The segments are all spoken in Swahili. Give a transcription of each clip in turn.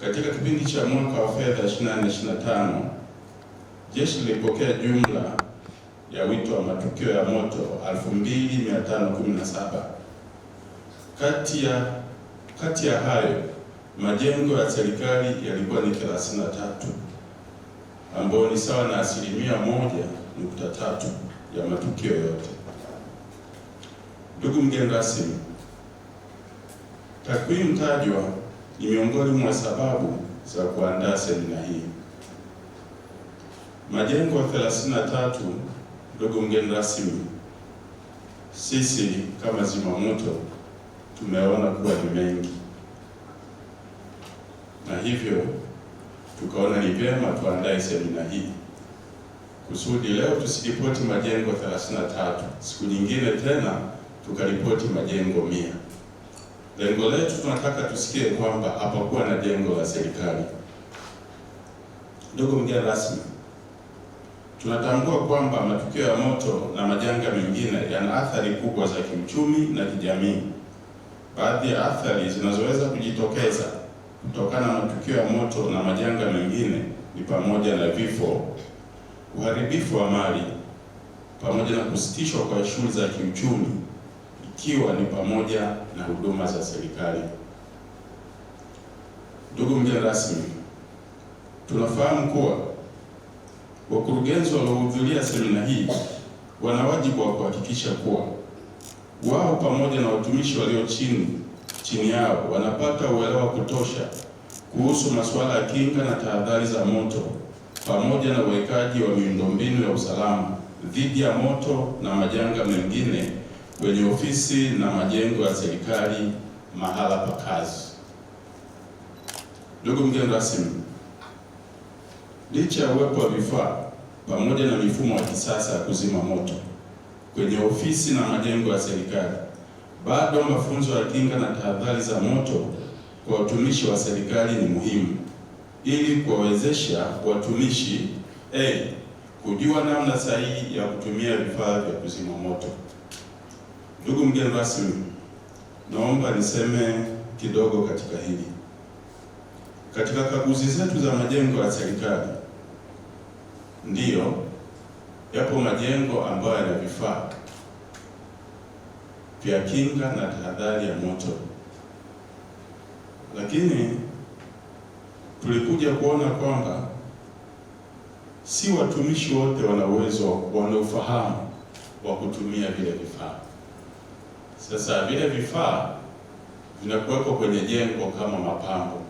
Katika kipindi cha mwaka wa fedha 2025 jeshi lilipokea jumla ya wito wa matukio ya moto 2517. Kati ya kati ya hayo majengo ya serikali yalikuwa ni 33 ambayo ni sawa na asilimia moja nukta tatu ya matukio yote. Ndugu mgeni rasmi, takwimu tajwa ni miongoni mwa sababu za kuandaa semina hii. Majengo 33, ndugu mgeni rasmi, sisi kama zimamoto tumeona kuwa ni mengi, na hivyo tukaona ni vyema tuandae semina hii kusudi leo tusiripoti majengo 33, siku nyingine tena tukaripoti majengo mia. Lengo letu tunataka tusikie kwamba hapakuwa na jengo la serikali. Ndugu mgeni rasmi, tunatambua kwamba matukio ya moto na majanga mengine yana athari kubwa za kiuchumi na kijamii. Baadhi ya athari zinazoweza kujitokeza kutokana na matukio ya moto na majanga mengine ni pamoja na vifo, uharibifu wa mali, pamoja na kusitishwa kwa shughuli za kiuchumi ikiwa ni pamoja na huduma za serikali. Ndugu mgeni rasmi, tunafahamu kuwa wakurugenzi waliohudhuria semina hii wana wajibu wa kuhakikisha kuwa wao pamoja na watumishi walio chini chini yao wanapata uelewa wa kutosha kuhusu masuala ya kinga na tahadhari za moto pamoja na uwekaji wa miundombinu ya usalama dhidi ya moto na majanga mengine kwenye ofisi na majengo ya serikali mahala pa kazi. Ndugu mgeni rasmi, licha ya uwepo wa vifaa pamoja na mifumo ya kisasa ya kuzima moto kwenye ofisi na majengo ya serikali, bado mafunzo ya kinga na tahadhari za moto kwa watumishi wa serikali ni muhimu ili kuwawezesha watumishi a hey, kujua namna sahihi ya kutumia vifaa vya kuzima moto. Ndugu mgeni rasmi, naomba niseme kidogo katika hili. Katika kaguzi zetu za majengo ya serikali, ndiyo yapo majengo ambayo yana vifaa vya kinga na tahadhari ya moto, lakini tulikuja kuona kwamba si watumishi wote wana uwezo, wana ufahamu wa kutumia vile vifaa. Sasa vile vifaa vinakuwepo kwenye jengo kama mapambo,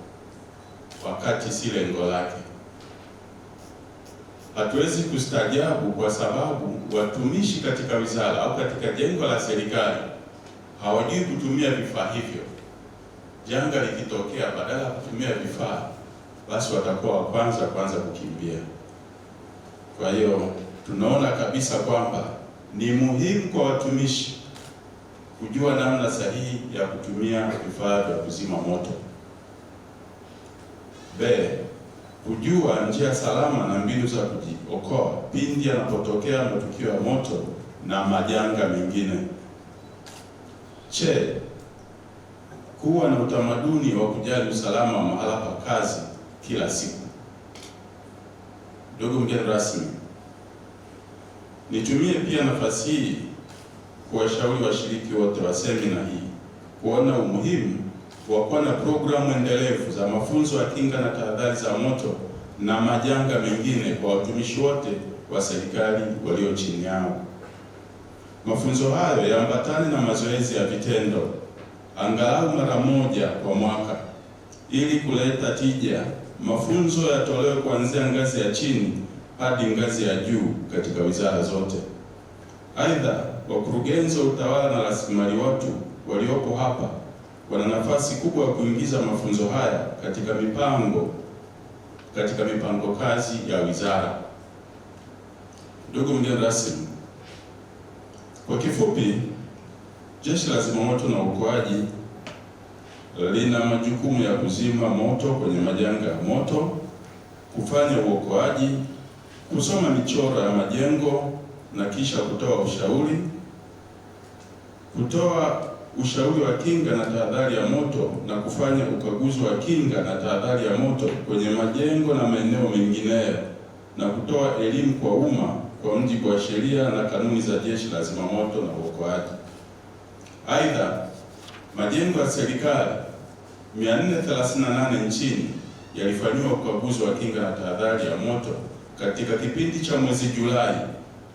wakati si lengo lake. Hatuwezi kustajabu kwa sababu watumishi katika wizara au katika jengo la serikali hawajui kutumia vifaa hivyo. Janga likitokea, badala ya kutumia vifaa, basi watakuwa wa kwanza kwanza kukimbia. Kwa hiyo tunaona kabisa kwamba ni muhimu kwa watumishi kujua namna sahihi ya kutumia vifaa vya kuzima moto. B. Kujua njia salama na mbinu za kujiokoa pindi yanapotokea matukio ya moto na majanga mengine. C. Kuwa na utamaduni wa kujali usalama wa mahala pa kazi kila siku. Ndugu mgeni rasmi, nitumie pia nafasi hii kuwashauri washiriki wote wa semina hii kuona umuhimu wa kuwa na programu endelevu za mafunzo ya kinga na tahadhari za moto na majanga mengine kwa watumishi wote wa serikali walio chini yao. Mafunzo hayo yaambatane na mazoezi ya vitendo angalau mara moja kwa mwaka ili kuleta tija. Mafunzo yatolewe kuanzia ngazi ya chini hadi ngazi ya juu katika wizara zote. Aidha, wakurugenzi wa utawala na rasilimali watu waliopo hapa wana nafasi kubwa ya kuingiza mafunzo haya katika mipango katika mipango kazi ya wizara. Ndugu mgeni rasmi, kwa kifupi, Jeshi la Zimamoto na Uokoaji lina majukumu ya kuzima moto kwenye majanga ya moto, kufanya uokoaji, kusoma michoro ya majengo na kisha kutoa ushauri, kutoa ushauri wa kinga na tahadhari ya moto na kufanya ukaguzi wa kinga na tahadhari ya moto kwenye majengo na maeneo mengineyo, na kutoa elimu kwa umma kwa mujibu wa sheria na kanuni za Jeshi la Zimamoto na Uokoaji. Aidha, majengo ya serikali 438 nchini yalifanyiwa ukaguzi wa kinga na tahadhari ya moto katika kipindi cha mwezi Julai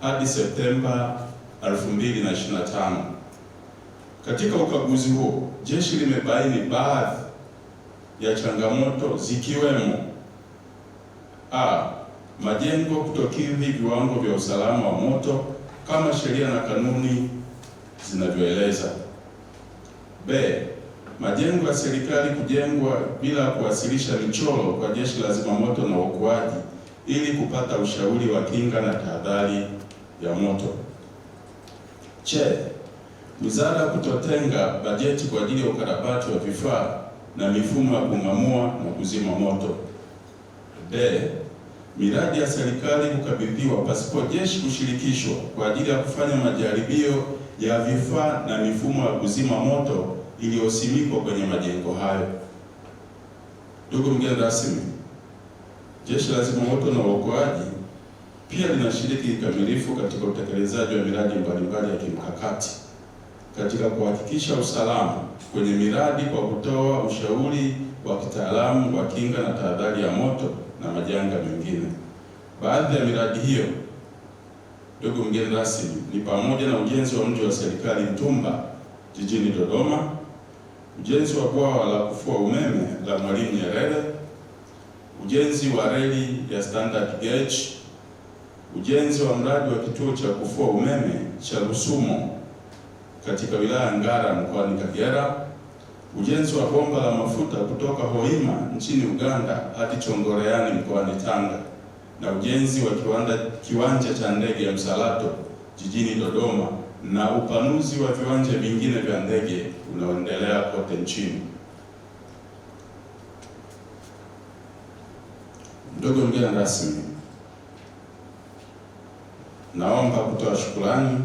hadi Septemba 2025. Katika ukaguzi huo, jeshi limebaini baadhi ya changamoto zikiwemo: a, majengo kutokidhi viwango vya usalama wa moto kama sheria na kanuni zinavyoeleza; b, majengo ya serikali kujengwa bila kuwasilisha michoro kwa jeshi la zimamoto na uokoaji ili kupata ushauri wa kinga na tahadhari ya moto. Che, wizara kutotenga bajeti kwa ajili ya ukarabati wa vifaa na mifumo ya kung'amua na kuzima moto. De, miradi ya serikali kukabidhiwa pasipo jeshi kushirikishwa kwa ajili ya kufanya majaribio ya vifaa na mifumo ya kuzima moto iliyosimikwa kwenye majengo hayo. Ndugu mgeni rasmi, Jeshi la Zimamoto na Uokoaji pia linashiriki kikamilifu katika utekelezaji wa miradi mbalimbali ya kimkakati katika kuhakikisha usalama kwenye miradi kwa kutoa ushauri wa kitaalamu wa kinga na tahadhari ya moto na majanga mengine. Baadhi ya miradi hiyo, ndugu mgeni rasmi, ni pamoja na ujenzi wa mji wa serikali Mtumba jijini Dodoma, ujenzi wa bwawa la kufua umeme la Mwalimu Nyerere, ujenzi wa reli ya standard gauge ujenzi wa mradi wa kituo cha kufua umeme cha Rusumo katika wilaya Ngara mkoani Kagera, ujenzi wa bomba la mafuta kutoka Hoima nchini Uganda hadi chongoreani mkoani Tanga, na ujenzi wa kiwanda, kiwanja cha ndege ya Msalato jijini Dodoma na upanuzi wa viwanja vingine vya ndege unaoendelea kote nchini. Ndugu mgeni rasmi naomba kutoa shukurani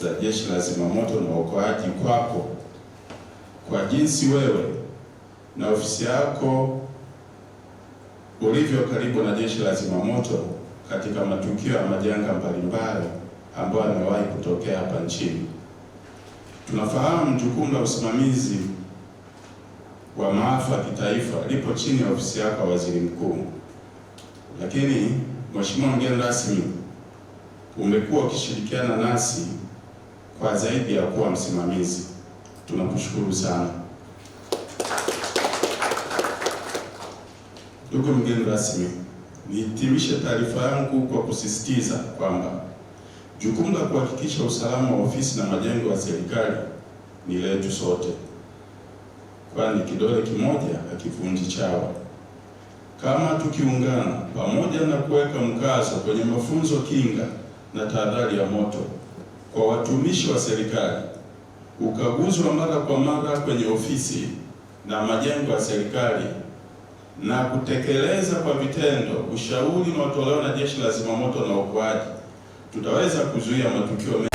za Jeshi la Zimamoto na Uokoaji kwako kwa jinsi wewe na ofisi yako ulivyo karibu na Jeshi la Zimamoto katika matukio ya majanga mbalimbali ambayo yamewahi kutokea hapa nchini. Tunafahamu jukumu la usimamizi wa maafa kitaifa lipo chini ya ofisi yako ya Waziri Mkuu, lakini Mheshimiwa mgeni rasmi umekuwa ukishirikiana nasi kwa zaidi ya kuwa msimamizi. Tunakushukuru sana. Ndugu mgeni rasmi, nihitimishe taarifa yangu kwa kusisitiza kwamba jukumu la kuhakikisha usalama wa ofisi na majengo ya serikali ni letu sote, kwani kidole kimoja hakivunji chawa. Kama tukiungana pamoja na kuweka mkazo kwenye mafunzo kinga na tahadhari ya moto kwa watumishi wa serikali, ukaguzi wa mara kwa mara kwenye ofisi na majengo ya serikali na kutekeleza kwa vitendo ushauri unaotolewa na Jeshi la Zimamoto na Uokoaji, tutaweza kuzuia matukio